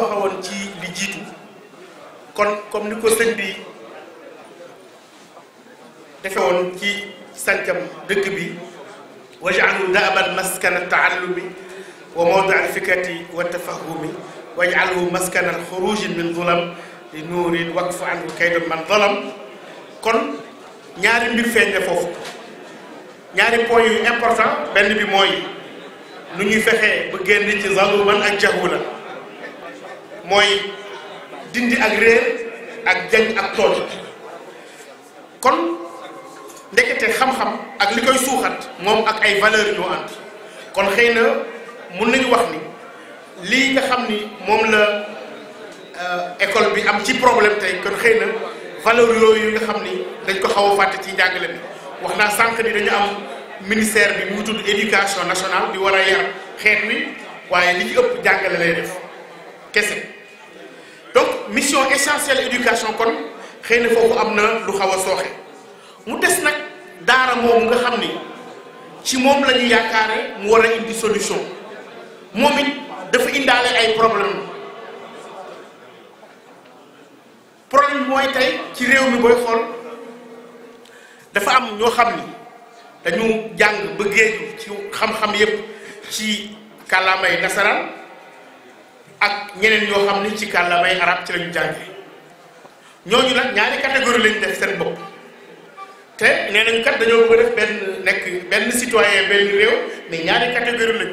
waxawoon ci li jiitu kon comme ni ko sëñ bi defe woon ci sancam dëkk bi wajaalu daaban maskana taallumi wa mawdu alfikrati wa tafahumi wajaalhu maskana alxuruji min zulam li nuurin wakfu anhu kaydu man zalam kon ñaari mbir feeñ ne foofu ñaari point yu important benn bi mooy nu ñuy fexee ba génn ci zaluman ak jahula mooy dindi ak réer ak jañ ak tooñ kon ndekete xam-xam ak li koy suuxat moom ak ay valeur ñoo ànd kon xëy na mun nañu wax ni lii nga xam ni moom la euh, école bi am ci problème tey kon xëy na valeur yooyu nga xam ni dañ ko xaw a fàtte ci njàngale bi wax naa sànq ni dañu am ministère bi mu tudd éducation nationale bi war a yar xeet wi waaye li ci ëpp jàngale lay def kese mission essentielle éducation kon xëy na foofu am na lu xaw a sooxe mu des nag daara moomu nga xam ni ci moom lañu ñu yaakaare mu war a indi solution moom it dafa indaale ay problème problème mooy tey ci réew mi booy xool dafa am ñoo xam ni dañu jàng bëggee ci xam-xam yépp ci kàllaamay nasaraan ak ñeneen yoo xam ni ci kàllaamay arab ci la ñu jànge ñooñu nag ñaari catégorie lañ def seen bopp te nee nañ kat dañoo bëgg benn nekk benn citoyen benn réew mais ñaari catégorie lañ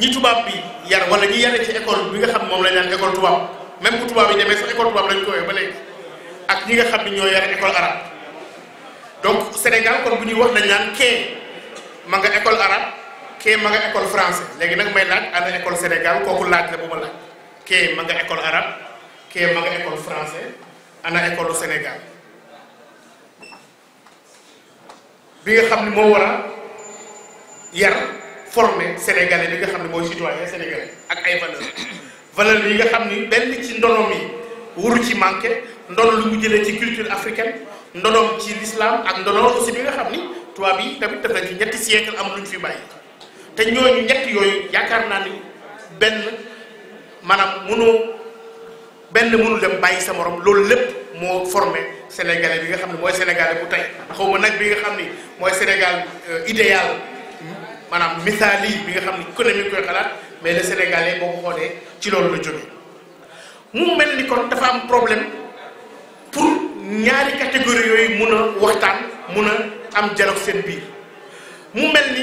ñi tubaab yar wala ñi yare école bi nga xam moom la ñu naan école tubaab même bu tubaab yi demee sax école tubaab lañ ko ba léegi ak ñi nga xam ni ñoo yare école donc Sénégal kon bu ñuy wax dañ naan kee ma nga école arabe ma nga école français nag may laaj ana école Sénégal kooku laaj la bu ma laaj. kee ma nga école arabe kee ma nga école français ana école Sénégal bi nga xam ne moo war yar former sénégalais bi nga xam ne mooy citoyen sénégalais ak ay valeur valeur yi nga xam ni benn ci ndonom yi waru ci manqué ndono lu mu jëlee ci culture africaine ndonom ci l'islam ak ndono aussi bi nga xam ni tubaab yi tamit def nañ ci ñetti siècle am lu ñu fi bàyyi te ñooñu ñett yooyu yaakaar naa ni benn maanaam mënoo benn mënul dem bàyyi sa morom loolu lépp moo forme sénégalais bi nga xam ne mooy sénégalais bu tey xaw ma nag bi nga xam ni mooy sénégal euh, idéal maanaam misaal yi bi nga xam ni ku ne mi koy xalaat mais le sénégalais boo ko xoolee ci loolu la jógee mu mel ni kon dafa am problème pour ñaari catégorie yooyu mun a waxtaan mun a am dialogue seen biir mu mel ni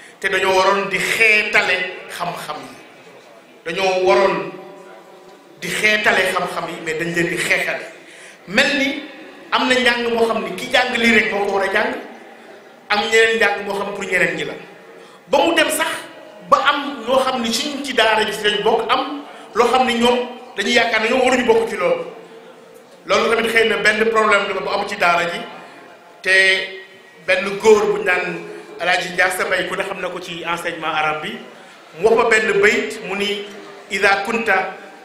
te dañoo waroon di xeetale xam-xam yi dañoo waroon di xeetale xam-xam yi mais dañ leen di xeexale mel ni am na njàng moo xam ni ki jàng li rek moo ko war a jàng am ñeneen njàng moo xam pour ñeneen ñi la ba mu dem sax ba am ñoo xam ni suñ ci daara ji si lañ bokk am loo xam ni ñoom dañuy yaakaar ne ñoom waruñu bokk ci loolu loolu tamit xëy na benn problème la bu am ci daara ji te benn góor bu naan alaaji Ndiassa Mbaye ku ne xam na ko ci enseignement arabe bi mu wax ma benn bayit mu ni ida kunta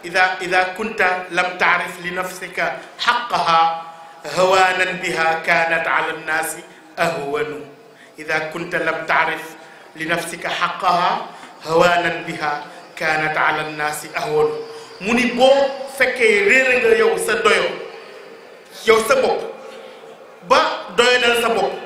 ida ida kunta lam taarif li nafsika xaqaha hawaanan biha kanat ala nnaasi ahwanu ida kunta lam taarif li nafsika xaqaha hawaanan biha kanat ala nnaasi ahwanu mu ni boo fekkee réere nga yow sa doyo yow sa bopp ba doyo dal sa bopp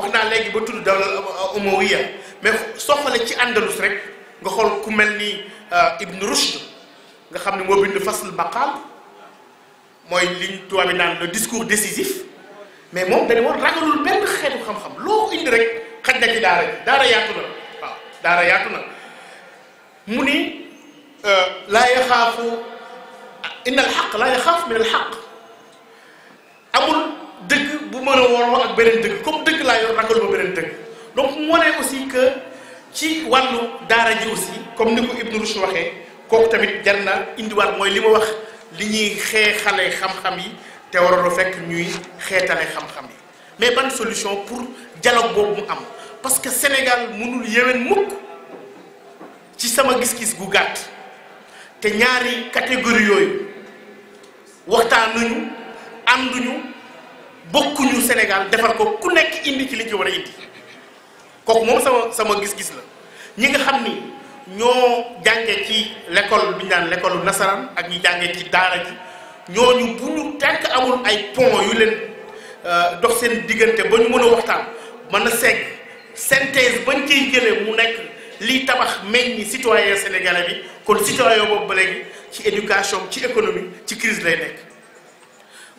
wax naa léegi ba tudd dawla umawiya mais soxale ci andalus rek nga xool ku mel ni ibn rushd nga xam ne moo bind fasl baqaal mooy liñ tubaab bi naan le discours décisif mais moom dañu war ragalul benn xeetu xam-xam loo indi rek xaj na ci daara daara yaatu na waaw daara yaatu na mu ni laa yaxaafu inna alxaq laa yaxaaf min alxaq amul Donc mën a ak beneen dëkk comme yor donc mu aussi que ci wàllu daara ji aussi comme ni Ibn Rushd waxee kooku tamit jar na indiwaat mooy li wax li ñuy les xam-xam yi te que fekk ñuy xam-xam yi mais ban solution pour dialogue boobu am parce que Sénégal mënul mukk ci sama gis-gis gu ñaari catégorie Beaucoup Sénégal Sénégalais ko ku nekk indi ci li ci indi sama sama gis-gis la ñi nga l'école bi l'école nasaraan ak ñi ci daara nous amul ay pont yu euh, synthèse bañ cay jëlee mu nekk tabax citoyen sénégalais bi citoyen éducation économie crise lay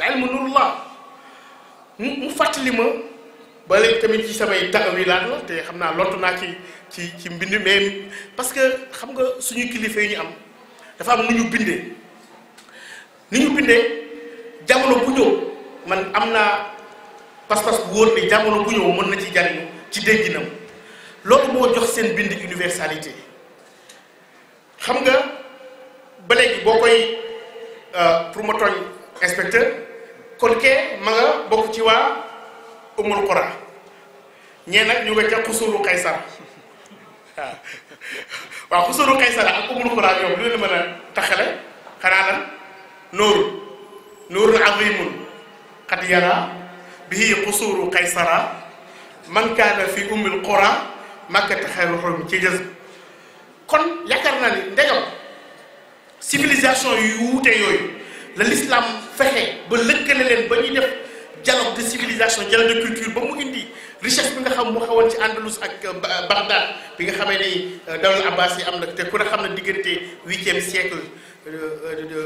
al ilmu nurullah mu mu fàttali ma ba léegi tamit ci samay taawilaat la te xam naa lottu naa ci ci ci mbind mais parce que xam nga suñu kilifa yi ñu am dafa am nu ñu bindee ni ñu bindee jamono bu ñëw man am naa pas-pas bu wóor ne jamono bu ñëw mën na ci jariñu ci dégginam loolu moo jox seen bind universalité xam nga ba léegi boo koy euh, pour ma tooñ inspecteur kon kee ma nga bokk ci waa umul qura ñee nag ñu nga ca xusulu kaysar waaw waaw xusulu kaysar ak umul qura ñoom lu leen mën a taxale xanaa lan nooru nooru azimun qad yara bihi xusuru kaysara man kaana fi umul qura makkata xayru xorom ci jës kon yaakaar naa ni ndegam civilisation yu wuute yooyu la l'islam fexe ba lëkkale leen ba ñuy def dialogue de civilisation dialogue de culture ba mu indi richesse bi nga xam mu xawoon ci Andalus ak euh, Bagdad bi nga xamee ni euh, dawal Abbas yi am na te ku ne xam ne diggante huitième siècle euh, de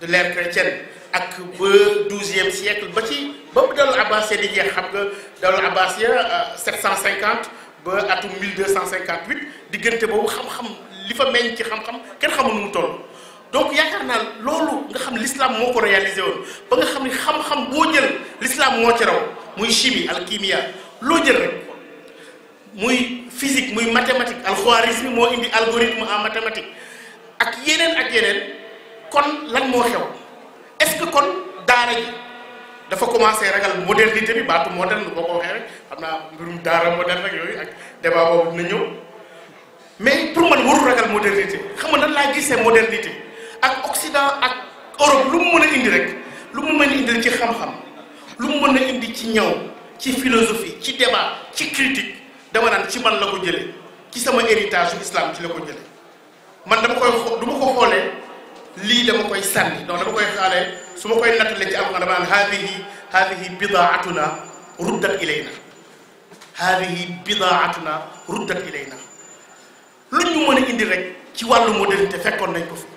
de l'ère chrétienne ak ba douzième siècle ba ci ba mu dawal Abbas yi di jeex xam nga dawal Abbas ya 750 ba atum 1258 diggante boobu xam-xam li fa meññ ci xam-xam kenn xamul nu mu tool donc yaakaar naa loolu nga xam ne l'islam moo ko réaliser woon ba nga xam ne xam-xam boo jël l'islam moo ci raw muy chimie alchimia loo jël rek muy physique muy mathématique alxuarisme moo indi algorithme en mathématique ak yeneen ak yeneen kon lan moo xew est-ce que kon daara ji dafa commencé ragal modernité bi baatu moderne boo ko waxee rek xam naa mbirum daara moderne ak yooyu ak débat boobu dina ñëw mais pour man warul ragal modernité xam nga nan laa gisee modernité ak Occident ak Europe lu mu mën a indi rek lu mu mën a indi ci xam-xam lu mu mën a indi ci ñaw ci philosophie ci débat ci critique dama naan ci man la ko jëlee ci sama héritage yu islam ci la ko jëlee man dama koy du ko lii dama koy sànni donc dama koy xaalee su ma koy nattalee ci alxuraan dama naan haadihi haadihi bidaatuna ruddat ilayna haadihi bidaatuna ruddat ilayna lu ñu mën a indi rek ci wàllu modernité fekkoon nañ ko fi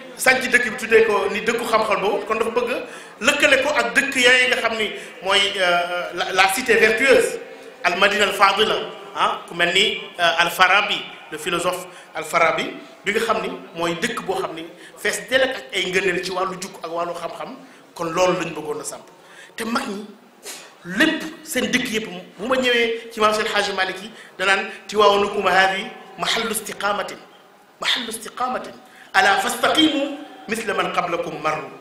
sanki dëkk bi tuddé ko ni dëkku xam-xam bo kon dafa bëgg lëkkale ko ak dëkk yaay nga xamni moy la cité vertueuse al madina al fadila ha ku melni al farabi le philosophe al farabi bi nga xamni moy dëkk bo xamni fess del ak ay ngeenel ci walu juk ak walu xam xam-xam kon loolu lañ bëggoon na samp te mag ñi lépp seen dëkk yëpp mu ma ñëwee ci maam seen xaaji Malik yi danaan nu kuma haadi mahallu istiqaamatin mahallu istiqaamatin ألا فاستقيموا مثل من قبلكم مروا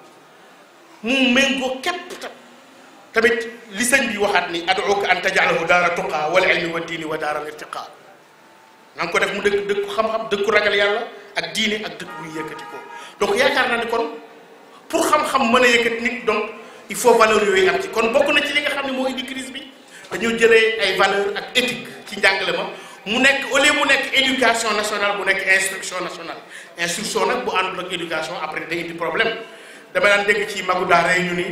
مو méngoo كيب tamit li بي bi ادعوك ان تجعله دار تقى والعلم والدين ودار الارتقاء نانكو diini مو daaral irtiqaa خام خام ko def يالا اك dekku اك xam-xam dëkku ragal yàlla ak diine ak dëkk pour xam-xam meuna a nit donc il faut valeur yoy am ci kon bokku na ci li nga xamni ne indi crise bi dañu jëlé ay valeur ak éthique ci njàngale ma mu nekk au lieu mu nekk éducation nationale mu nekk instruction nationale instruction nag bu àndul ak éducation après day indi problème dama daan dégg ci magu daara yi ñu ni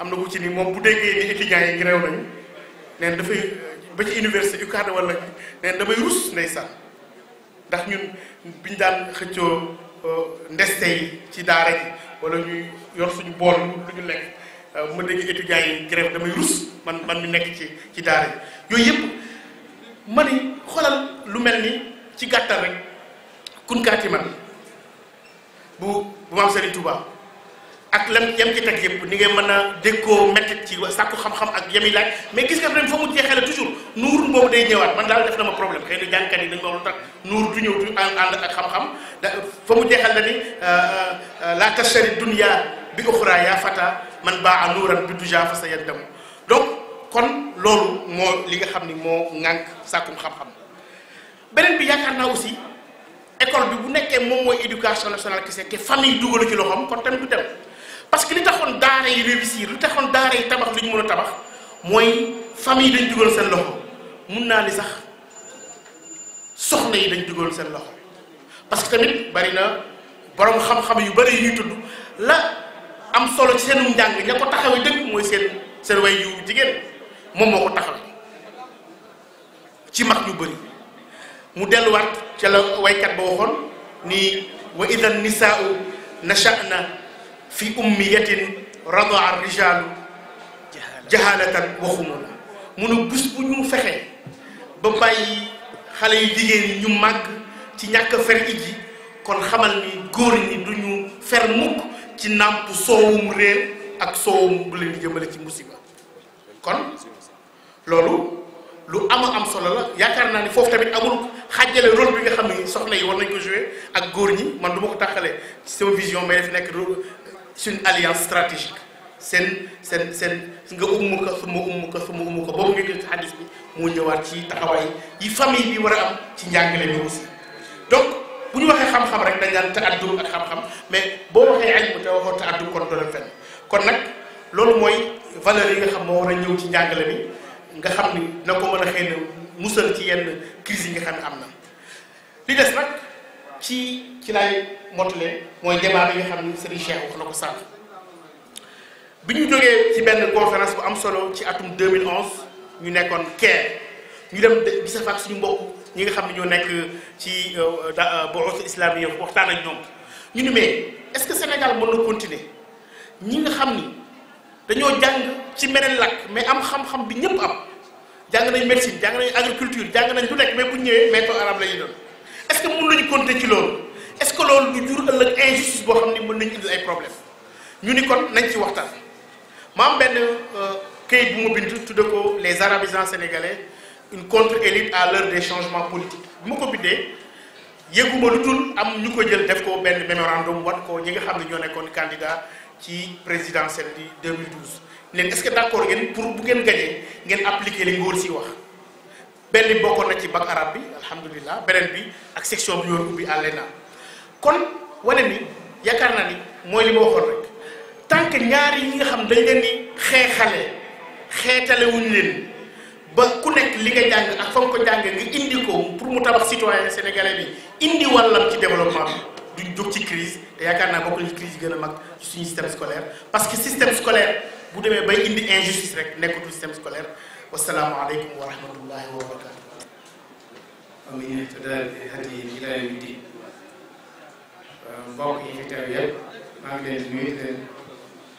am na ku ci ni moom bu déggee ni étudiants yi gréew nañu neen dafay ba ci yu UCAD wala neen damay rus ndeysaan ndax ñun biñ daan xëccoo euh, ndeste yi ci daara ji wala ñuy yor suñu bool lu ñu lekk euh, ma dégg étudiants yi grève damay rus man man mi nekk ci ci daara ji yooyu yëpp ma ni xoolal lu mel ni ci gàttal rek kunkaati man bu bu maam Serigne Touba ak lan yam ci teg yëpp ni ngay mën a déggoo métti ci sàkku xam-xam ak yami laaj mais gis nga dem fa mu jeexee la toujours nuur boobu day ñëwaat man daal def na ma problème xëy na jàngkat yi dañ ma lu tax nuur du ñëw du ànd xam-xam da fa mu jeexal la ni euh, euh, la tashari dunya bi uxra yaa fata man baa a nuuran bi du fa sa yaddam donc kon loolu moo li nga xam ni moo ŋànk sakkum xam-xam beneen bi yaakaar naa aussi école bi bu nekkee moom mooy éducation nationale kese te famille dugalu ci loxoom kon tamit du dem parce que li taxoon daara yi réussir li taxoon daara yi tabax lu ñu mën a tabax mooy famille dañ dugal seen loxo mun naa ni sax soxna dañ dugal seen loxo parce que tamit bari na borom xam-xam yu bari yu ñuy tudd la am solo ci seenum njàng ña ko taxawee dëgg mooy seen seen way yu jigéen moom moo ko taxawee ci mag yu bari mu delluwaat ca la waykat ba waxoon ni wa ida nisaau nachana fi ummiyatin radaa rijaalu jahalatan wa xumula mu ne bu ñu fexe ba bàyyi xale yu jigéen yi ñu màgg ci ñàkk a fer iji kon xamal ni góor ñi duñu fer mukk ci nàmp soowum réer ak soowum bu leen jëmale ci musiba kon loolu lu am am solo la yaakaar naa ni foofu tamit amul xàjjale rôle bi nga xam ne soxna yi war nañ ko jouer ak góor ñi man du ma ko tàqale ci sama vision may def nekk rôle suñu alliance stratégique seen seen seen nga ummu ko suma ummu ko suma ummu ko boobu nga gis ci xadis bi mu ñëwaat ci taxawaay yi famille bi war a am ci njàngale bi aussi donc bu ñu waxee xam-xam rek dañ naan ta'addub ak xam-xam mais boo waxee ilmu te waxoo ta'addub kon doo dem fenn kon nag loolu mooy valeur yi nga xam moo war a ñëw ci njàngale bi nga xam que na crise nga xam ne am na li ci ci débat nga Serigne Cheikh conférence bu am solo 2011 ñu nekkoon Caire ñu dem nous sa suñu mbokk ñi nga xam ñoo ci euh, euh, islamique yi waxtaan ak mais est-ce que Sénégal mën continuer ñi nga dañoo ci mais am xam-xam bi jàng nañ médecine jàng nañ agriculture jàng nañ lu nekk mais bu ñëwee météo arab la ñuy doon est-ce que mën nañu compter ci loolu est-ce que loolu du jur ëllëg injustice boo xam ne mën nañu indi ay problème ñu ni kon nañ ci waxtaan ma am benn euh, këyit bu ma bind tudde ko les arabisans sénégalais une contre-élite à l'heure des changements politiques bu ma ko bindee yëguma lu dul am ñu ko jël def ko benn mémorandum wan ko ñi nga xam ne ñoo nekkoon candidat ci présidentielle di 2012 len est ce d'accord d' ngeen pour bu ngeen gañee ngeen appliquer li ngor ci wax benn bi na ci bac arabe bi alhamdulilah benen bi ak section bi ñu bi alena kon wone ni yaakaar naa ni moy li ma waxoon rek tank ñaar yi nga xam dañ leen xéxalé xétalé wuñ leen ba ku nek li nga jang ak fam ko jàngee nga indi ko pour mu tabax citoyen sénégalais bi indi walam ci développement du jog ci crise te yaakaar ci crise gëna mag suñu système scolaire parce que système scolaire bu demee bay indi injustice rek nekkatul système scolaire wasalaamualeykum wa rahmatullahi wa barakatu amin ihtidal bi hadiyi ila yawmi din mbokk yi fi teew yëpp maa ngi leen di nuyu leen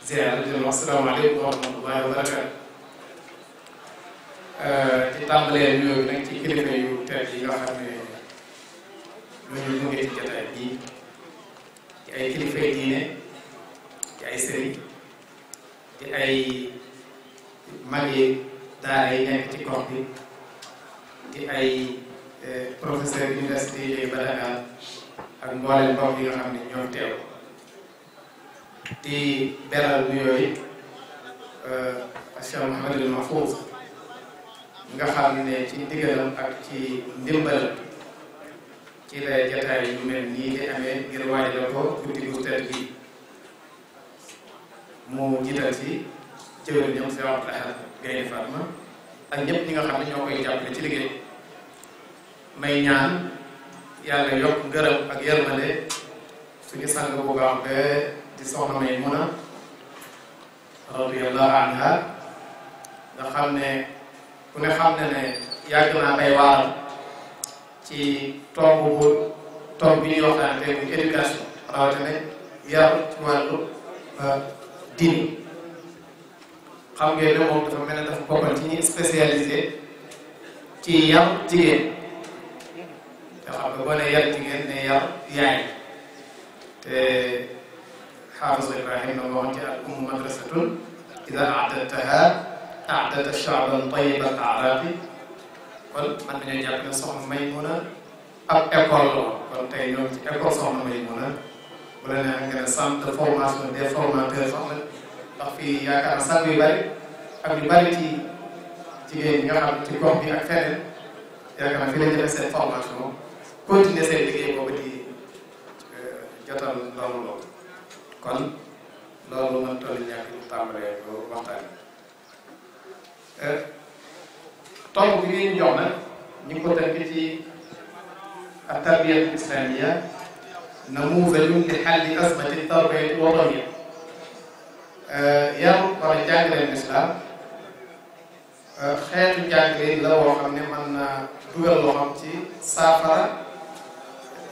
ziar di leen wax salaamaaleykum wa rahmatullahi wa barakatu ci tàmbalee nuyoo bi nag ci kilifa yu tedd yi nga xam ne ñooñu mu ngi ci jataay bii ci ay kilifa yi diine ci ay sëriñ di ay mag yi daara yi nekk ci gox bi di ay eh, professeur université yi jóge ba Dakar ak mboolem mbokk yi nga xam ne ñoom teew di beral bu yooyu eh, Cheikh Mouhamadul Mahfouz nga xam ne ci diggalam ak ci ndimbalam ci la jataay yu mel nii di amee ngir waajal ko guddi gu tëdd bi mu jiital si ci wéru ñoom si waxtu ahad Gaye Fatma ak ñëpp ñi nga xam ne ñoo koy jàppale ci liggéey may ñaan yàlla yokk ngërëm ak yërmande suñu sang bu baax ba di soxna may mun a radiyallahu anha nga xam ne ku ne xam ne ne yàgg naa bay waaram ci tomb bu tomb bi ñuy waxtaan tey muy éducation rawatina yar ci wàllu euh, diine xam ngeen ne moom dafa mel ne dafa bokkal ci ñuy spécialisé ci yar jigéen nga xam nga boo nee yar jigéen ne yar yaay te xaafis Ibrahima moo waxoon ci al ummu madrasatun ida ahdadtaha ahdada shaaban tayiba al aaraabi kon mën nañoo jàpp ne soxna Maymuna ab école la kon tey ñoom ci école soxna Maymuna bu la neexee nga ne centre de formation des formateurs sax la ndax fii yaakaar naa centre yu bëri ak yu bëri ci jigéen nga xam ci gox bi ak feneen yaakaar naa fi lañ defee seen seen liggéey boobu euh, kon loolu man toll ñàkk tàmbalee ko waxtaan euh, tomb bi ñu jox nag ñu ngi ko tënk ci at tarbiyatu islamiya نموذج لحل أزمة التربية الوطنية yaru wala jàngaleen lislaam xeetu jàngale la woo xam ne man na dugal loo xam ci saafara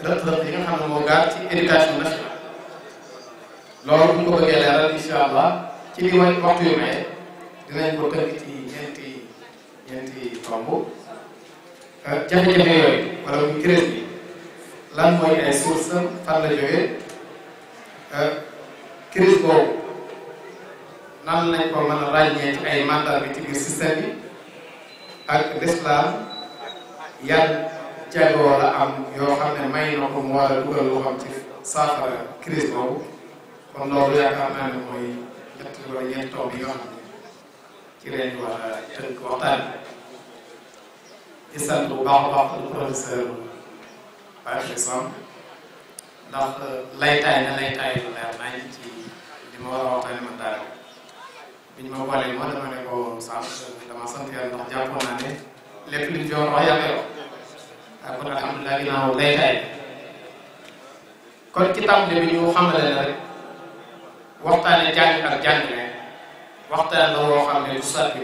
rëq-rëq yi nga xam ne moo gaar ci éducation nationale loolu bu ko bëggee leeral incha ci li waxtu yu may dinañ ko tënk ñeenti ñeenti tomb jafe-jafe yooyu wala muy crise lan mooy ay source fan la jógee euh, crise boobu nan lañ ko mën a ràññee ci ay mandat bi ci biir système bi ak l'islam yan jagoo la am yoo xam ne may na ko mu war a dugal xam ci saafara crise boobu kon loolu yaakaar naa ne mooy ñett wala ñeent tomb yi nga ci lañ war a waxtaan bi di sant bu baax a baax professeur par exemple ndax euh, laytaay na laytaay lu leer naa ci li ma war a waxtaane ma daal biñ ma boolee moo dama ne ko sant dama sant yàlla ndax jàppoon naa ne lépp liñ fi war wax yàlla yow ah, kon alhamdulilah ginnaaw laytaay kon ci tàmbali bi ñu xamale la rek waxtaane jàng ak jàngale waxtaan la woo xam ne du sàppi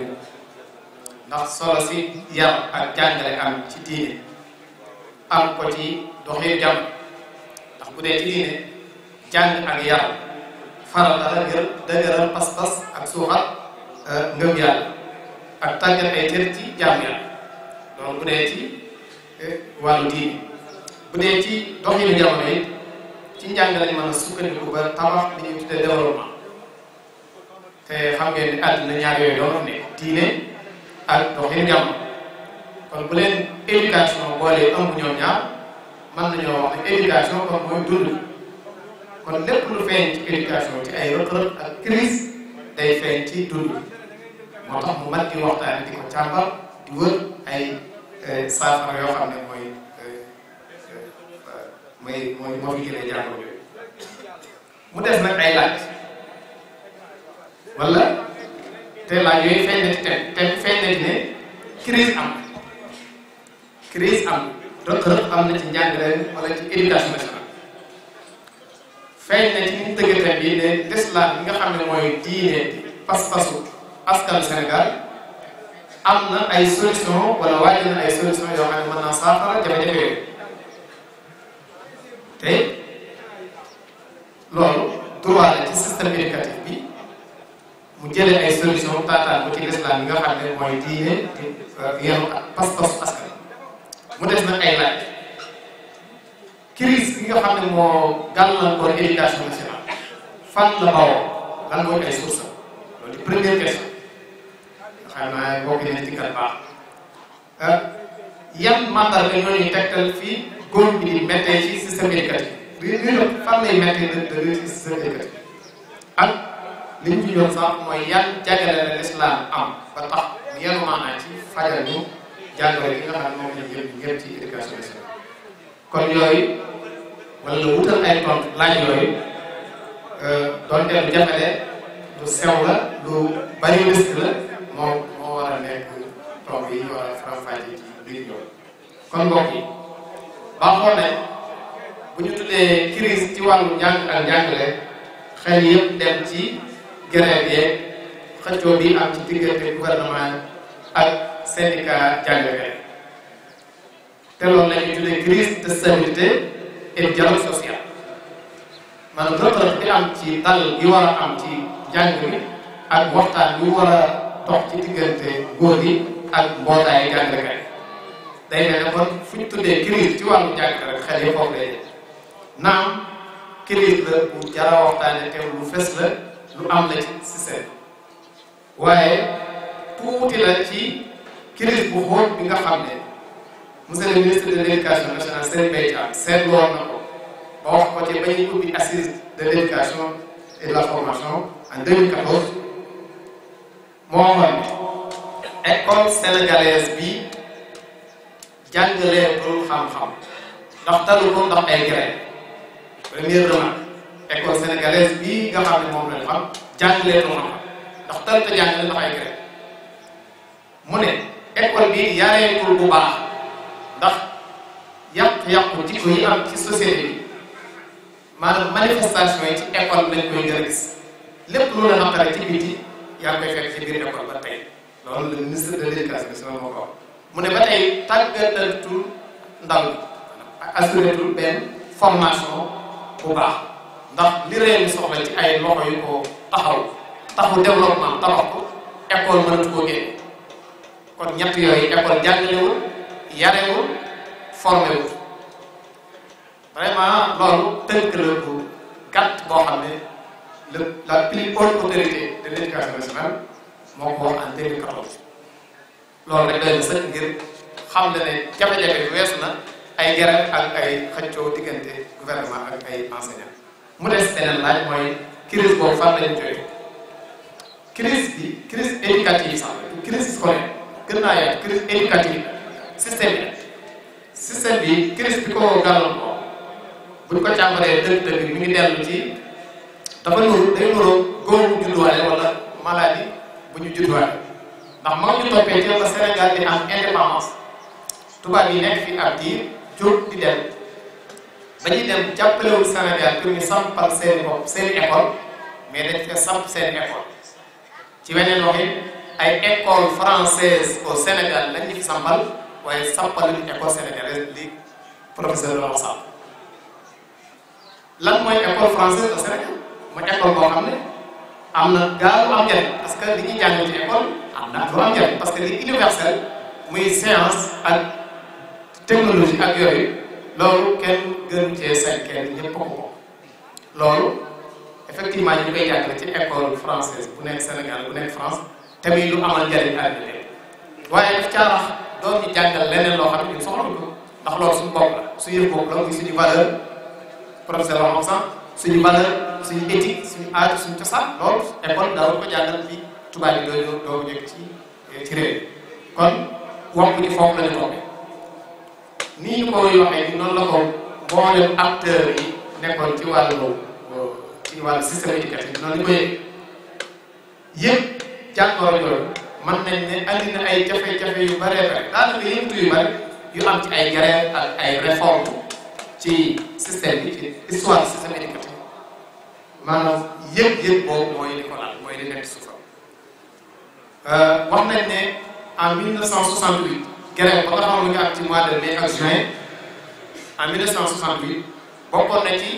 ndax solo si yar ak jàngale am ci diine am ko doxalin jàmm ndax bu dee ci diine jàng ak yar faral la dëgër pas-pas ak suuxat euh, ngëm yàlla ak tàggat ay cër ci jàmm yàlla loolu bu dee ci euh, wàllu diine bu dee ci doxalin jamono yi ci njàng lañ mën a sukkandiku ba tabax li ñuy tuddee développement te xam ngeen ne àddina ñaar yooyu doon ne diine ak doxalin jàmm kon bu leen éducation boolee ëmb ñoom ñaar mën nañoo wax ne éducation kon mooy dund kon lépp lu feeñ ci éducation ci ay rëq-rëq ak crise day feeñ ci dund moo tax mu mat di waxtaane di ko di wër ay euh, saafara yoo xam ne mooy euh, euh, mooy moo fi gën a jàngoro mu des nag ay laaj wala te laaj yooyu feeñ na ci te te feeñ na ci ne crise am crise am rëq am na ci njàngale wala ci éducation nationale feeñ na ci ñu tëggatam bi ne l'islam nga xam ne mooy diine pas-pasu askanu Sénégal am na ay solution wala wàññi na ay solution yoo xam ne mën naa saafara jafe-jafe te loolu droit la ci système éducatif bi mu jëlee ay solution taataan ko ci l'islam nga xam ne mooy diine te euh, yenu ak pas-pasu askan mu des nag ay laaj crise bi xam ne moo gàllankoor éducation nationale fan la bawoo lan mooy ay source loolu di première question xam naa bokk nañ ci kan baax euh, yan mandarga ñoo ñuy tegtal fii góor bi di ci système éducatif bi ñu li ñu yoon sax mooy yan jagale la l'islam am ba tax yenu maanaa ci fajal ñu jàngale bi nga xam ne moom lañ jëm jëm ci éducation nationale kon yooyu wala wutal ay tontu laaj yooyu donte lu jafe de lu sew la lu bari risque la moo moo war a nekk tomb yi ñu war a faram-fàccee ci biir yoon kon mbokk yi baaxoon nañ bu ñu tuddee crise ci wàllu njàng ak njàngale xel yëpp dem ci grève yeeg xëccoo bi am ci diggante gouvernement ak. syndicat jàngalekat te loolu la ñuy tuddee crise de et de dialogue social maanaam rëq-rëq bi am ci dal gi war a am ci jàng bi ak waxtaan bi war a dox ci diggante góor yi ak mbootaayu jàngalekat yi day mel ne kon fu ñu tuddee crise ci wàllu jàngalekat rek xel foofu lay naam crise la bu jara waxtaane te lu fes la lu am la ci système waaye tuuti la ci crise bu xóot bi nga xam ne monsieur le ministre de l' éducation nationale Serigne Mbaye na ko ba wax ko ci bañuy ubbi de l' éducation de la formation en 2014 moo waxoon ne école sénégalaise bi jàngaleetul xam-xam ndax talu ko ndax ay grève première remarque école sénégalaise bi nga xam ne moom lañ xam jàngaleetul xam-xam ndax talu ko jàngale ndax ay grève mu ne école bi yareetul bu baax ndax yàqu-yàqu jikko yi am ci société bi yi ci école lañ koy gën a gis lépp lu la naqare ci biti yaa koy fekk ci biir école ba tey loolu le ministre de l'éducation nationale moo ko mu ne ba tey tàggatatul ndaw ak assurétul benn formation bu baax ndax li réew soxla ci ay loxo yu ko taxaw taxaw développement tabax ko école mënatu koo kon ñett yooyu école jàngalewul yarewul formewul vraiment loolu tënk la bu boo xam ne le la plus haute autorité de l' nationale moo ko wax en 2014 loolu rek doy na ngir xam la ne jafe-jafe weesu na ay garab ak ay xëccoo diggante gouvernement ak ay enseignants mu des beneen laaj mooy crise boobu fan lañu jógee crise bi crise éducative sax crise scolaire gën naa yaatu crise éducative système bi système bi crise bi ko gàllankoor buñ ko càmbaree dëgg-dëgg mi ngi dellu ci dafa nuru day nuru góobu judduwaale wala maladie bu ñu judduwaale ndax moo ñu toppee ci la Sénégal di am indépendance tubaab yi nekk fi ab diir jóg di dem ba ñuy dem jàppalewul Sénégal pour ñu sampal seen bopp seen école mais dañ fee samp seen école ci weneen waxin ay école française au Sénégal lañ fi sampal waaye sampaluñu école sénégalaise li professeur Laurent Sall lan mooy école française au Sénégal mooy école boo xam ne am na gaaw am njëriñ parce que li ñuy jàng ci école am na lu am njëriñ parce que li universel muy science ak technologie ak yooyu loolu kenn gën cee kenn ñëpp ko loolu effectivement ñu koy ci école française bu nekk Sénégal bu nekk France te muy lu amal njëriñ àddina waaye daf caa rax doom yi leneen loo xam ne ñun soxla ko loolu suñu bopp la suñu bopp la muy suñu valeur professeur wax sax suñu valeur suñu éthique suñu la ni noonu la ko mboolem acteur yi nekkoon ci wàllu ci wàllu système éducatif noonu ñu koy yëpp jàngoro jooju mën nañ ne andi na ay jafe-jafe yu bëree bëri daanaka yëngu yu bëri yu am ci ay grève ak ay réforme ci système bi ci histoire système éducatif maanaam yëpp-yëpp boobu mooy li ko laal mooy li nekk suufam euh, wax nañ ne en 1968 grève ba nga xam nga am ci mois de mai ak juin en 1968 bokkoon na ci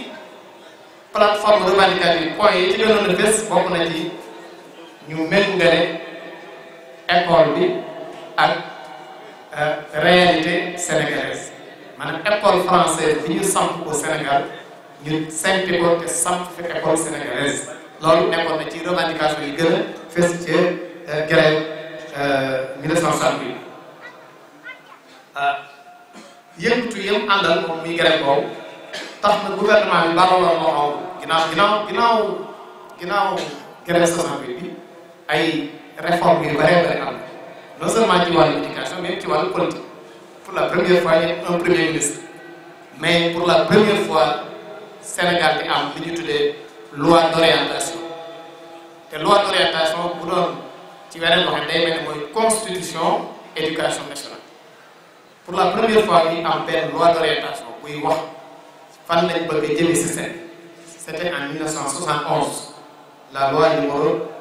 plateforme revendicative point yi ci gënoon a bés bokk na ci ñu méngale école bi ak euh, réalité sénégalaise maanaam école française bi ñu samp au Sénégal ñu sempi ko te samp fi école sénégalaise loolu nekkoon na ci revendication yi gën a fës ci euh, grève 1968 euh, yëngatu yëm àndal moom muy grève tax na gouvernement bi baraloon loxoom ginnaaw ginnaaw ginnaaw ginnaaw grève 68 bi ay réformes yu bare bare am non seulement ci wàllu éducation mais ci wàllu politique pour la première fois ñu un premier ministre mais pour la première fois Sénégal di am li ñu tuddee loi te loi d'orientation bu doon ci weneen waxee day mel ne éducation nationale pour la première fois ñu am benn loi d'orientation buy wax fan lañ bëgg a jëlee système c'était en 1971 la loi numéro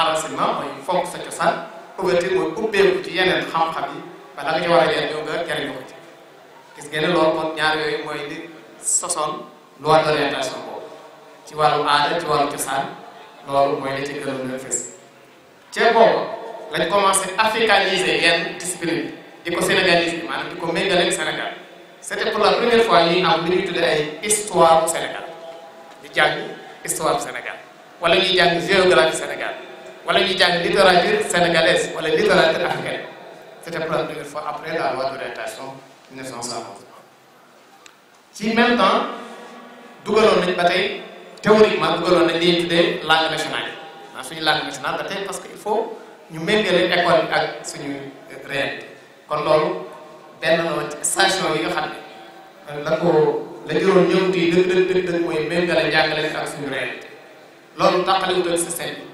enracinement mooy fonk sa cosaan ouverture mooy ubbeeku ci yeneen xam-xam yi ba la nga ci war a jëriñoo nga jëriñu ko ci gis ngeen ne loolu kon ñaar yooyu mooy li sosoon loi d'orientation boobu ci wàllu aada ci wàllu cosaan loolu mooy li ci gënoon nga fës cee boobu lañ commencé africaniser yenn discipline di ko sénégaliser maanaam di ko méngale Sénégal c'était pour la première fois ñuy am lu ñuy tuddee ay histoire bu Sénégal ñu jàng histoire bu Sénégal wala ñuy jàng géographie Sénégal wala ñuy jàng littérature sénégalaise wala littérature africaine c'était pour la fois après la loi d'orientation 1960 ci même temps dugaloon nañ ba tey théoriquement dugaloon nañ li ñuy langue nationale yi suñu langue nationale ba tey parce que il faut ñu méngale école bi ak suñu réalité kon loolu benn la woon ci yi nga xam ne euh, la ko la juróom ñëw dëgg dëgg dëgg mooy méngale njàngale ak suñu réalité loolu tàqaliwutal système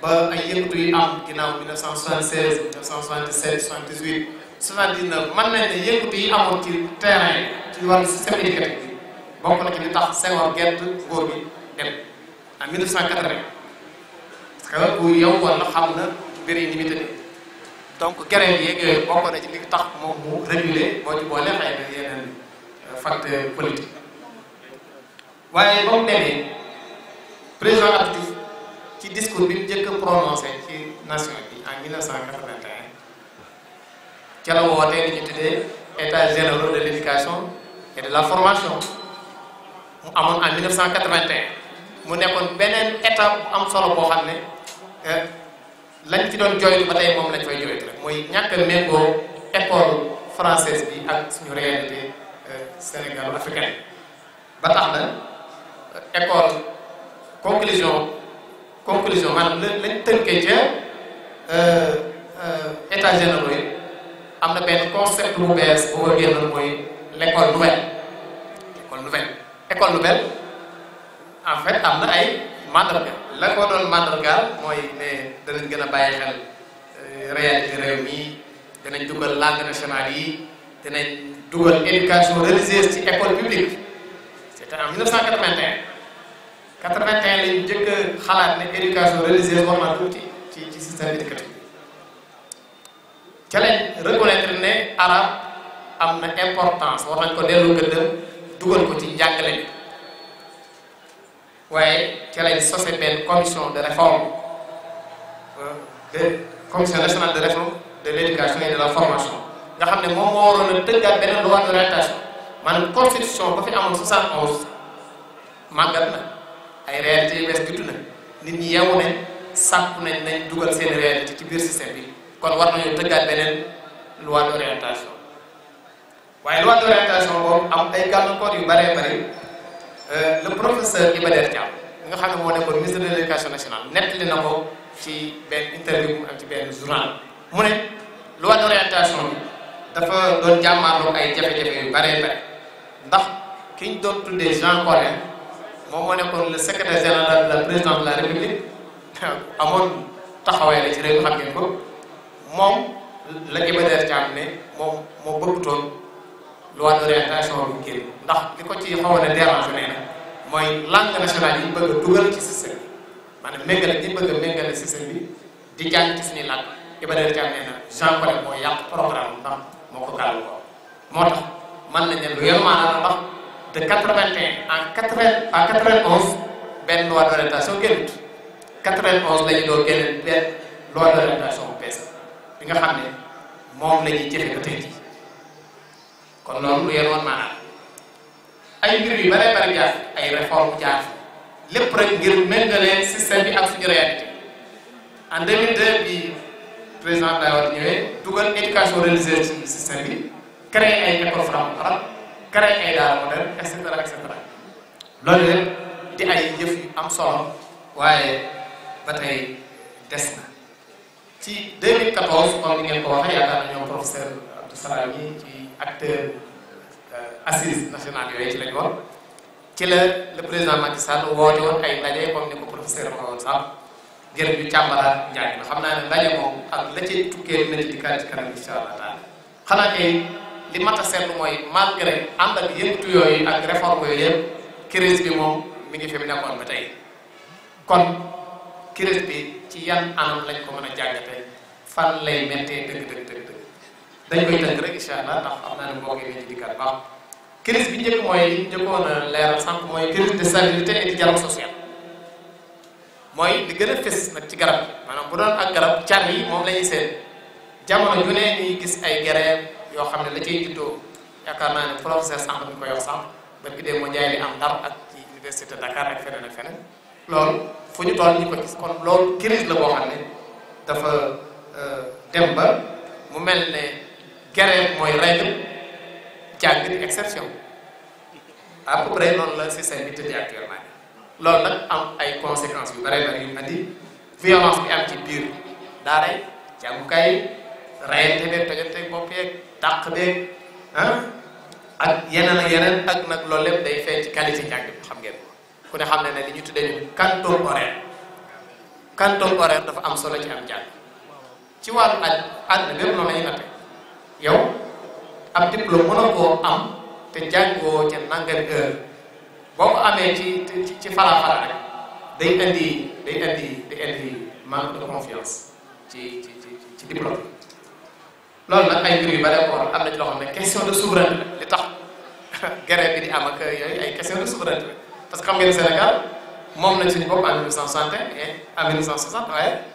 ba ay yëngatu yu am ginnaaw 1976 1977 78 79 mën nañ ne yëngatu yi amoon ci terrain ci wàllu système éducatif bi bokk na ci li tax Senghor gedd góor bi dem en 1980 parce que bu yow wala xam na mbir yi ni muy tëddee donc grève yeeg yooyu bokk na ci li tax moom mu réguler boo ci boole xëy na yeneen euh, facteur politique waaye ba mu demee président ci discours bi mu njëkk a ci nation bi en 1981 ca la woote li ñu tuddee état généraux de l' éducation et de la formation mu amoon en 1981 mu nekkoon beneen étape am solo boo xam ne euh, lañ ci doon jooytu ba tey moom lañ fay jooytu rek mooy ñàkk a école française bi ak suñu réalité euh, sénégalo africaine ba tax na euh, école conclusion conclusion maanaam la lañ tënkee ca euh, euh, état généraux yi am na benn concept bu bees bu war a génnoon mooy l'école nouvelle école nouvelle en fait am na ay mandarga la ko doon mandargaal mooy ne danañ gën a bàyyi xel euh, réew mi danañ dugal langue nationale yi danañ dugal éducation religieuse ci école publique c'était en 1981 quatre-vingt-un lañu njëkk xalaat ne éducation religieuse war naa tuuti ci ci système éducatif ca lañ ne arabe am na importance war nañ ko dellu gëddëm dugal ko ci njàngale bi waaye ca lañ sosé benn commission de réforme euh, de commission nationale de réforme de l'éducation et de la formation nga xam ne moom moo waroon a tëggaat beneen loi d'orientation maanaam constitution ba fi amoon 71 màggat na ay réalité yu bees juddu na nit ñi yeewu nañ sàpp nañ nañ dugal seen réalité ci biir système bi kon war nañu tëggaat beneen loi d'orientation waaye loi d'orientation boobu am ay gàllankoor yu bëree bëri euh, le professeur Iba Der nga xam ne moo nekkoon ministre de l'éducation nationale nettali na ko ci benn interview mu am ne loi d'orientation bi dafa doon jàmmaarloo ay jafe-jafe yu bëree bëri ndax kiñ ñu doon tuddee Jean Collin moom moo nekkoon le secrétaire général de la président de la république amoon taxawaay la ci réew xam ngeen ko moom la Iba Der Thiam ne moom moo bëggutoon ndax li ko ci xawoon a déranger nee na mooy langue nationale yi bëgg a dugal ci système bi maanaam méngale ñi bëgg a méngale système bi di ci suñuy làkk Iba Der Thiam nee na Jean Collin moo yàq programme ndax moo ko gàllankoor moo tax mën nañu ne lu yor maanaam ndax. de 81 en 80 en 91 benn loi d'orientation génnut 91 la ñu doon génne benn loi d'orientation bu bees bi nga xam ne moom la ñuy jëfe ba tey jii kon loolu lu yenoon maanaam ay mbir yu bare bare jaar ay réforme jaar lépp rek ngir méngale système bi ak suñu réalité en 2002 bi président Abdoulaye Wade ñëwee dugal éducation religieuse ci système bi créé ay école franco-arabe créé ay daara moderne et cetera et cetera loolu lépp di ay jëf yu am solo waaye ba tey des na ci 2014 comme ni ngeen ko waxee yaakaar na ñoom professeur Abdou Salam yi ci acteur euh, assise nationale yooyu ci lañ wax ci la le président Macky Sall ay ndaje comme ni ko professeur waxee woon sax ngir ñu càmbaraat njàng xam naa ne ndaje moom la ci tukkee na ci dikkaat ci kanam incha allah taala xanaa kay li mat a seetlu mooy malgré ànd ak yëngatu yooyu ak réforme yooyu yëpp crise bi moom mu ngi fi mu nekkoon ba tey kon crise bi ci yan anam lañ ko mën a jàngate fan lay méttee dëgg dëgg dëgg dañ koy tënk rek incha allah ndax am naa ne mbokk yi ñu dikkaat baax crise bi njëkk mooy njëkkoon leeral sànq mooy crise de stabilité et social mooy li gën a fës nag ci garab maanaam bu doon ak garab car yi moom la ñuy seet jamono ju ne ñuy gis ay grève yo xamne la cey juddoo yaakaar naa ne professeur sax dañ koy wax sax ba ki dem mo jaay li am dar ak ci université Dakar ak fenen ak fenen lool fu ñu toll ñu ko gis kon lool crise la bo xamne dafa euh, dem ba mu melne géré moy mooy règle jàng exception à peu près non la système bi tëddee actuellement lool nak am ay conséquences yu bari bari yu andi violence bi am ci bir biir daaray jàngukaay rayante be tojante bopp dàq de ah, ak yeneen ak yeneen ak nag loolu lépp day feeñ ci qualité njàng bi xam ngeen ku ne xam ne ne li ñu tuddee ñu quantum horaire quantum horaire dafa am solo ci am njàng ci wàllu at àdduna bépp noonu la ñuy natte yow ab diplôme mënoo am te jàngoo ca nangam heure boo ko amee ci ci fala fala rek day indi day indi day indi manque de confiance ci ci ci diplôme loolu na ay mbir yu bare ko am na ci loo xam ne question de souveraineté li tax guerre bi di am ak yooyu ay question de souveraineté parce que xam ngeen Sénégal moom nañ suñu bopp en 1961 et en 1960 waaye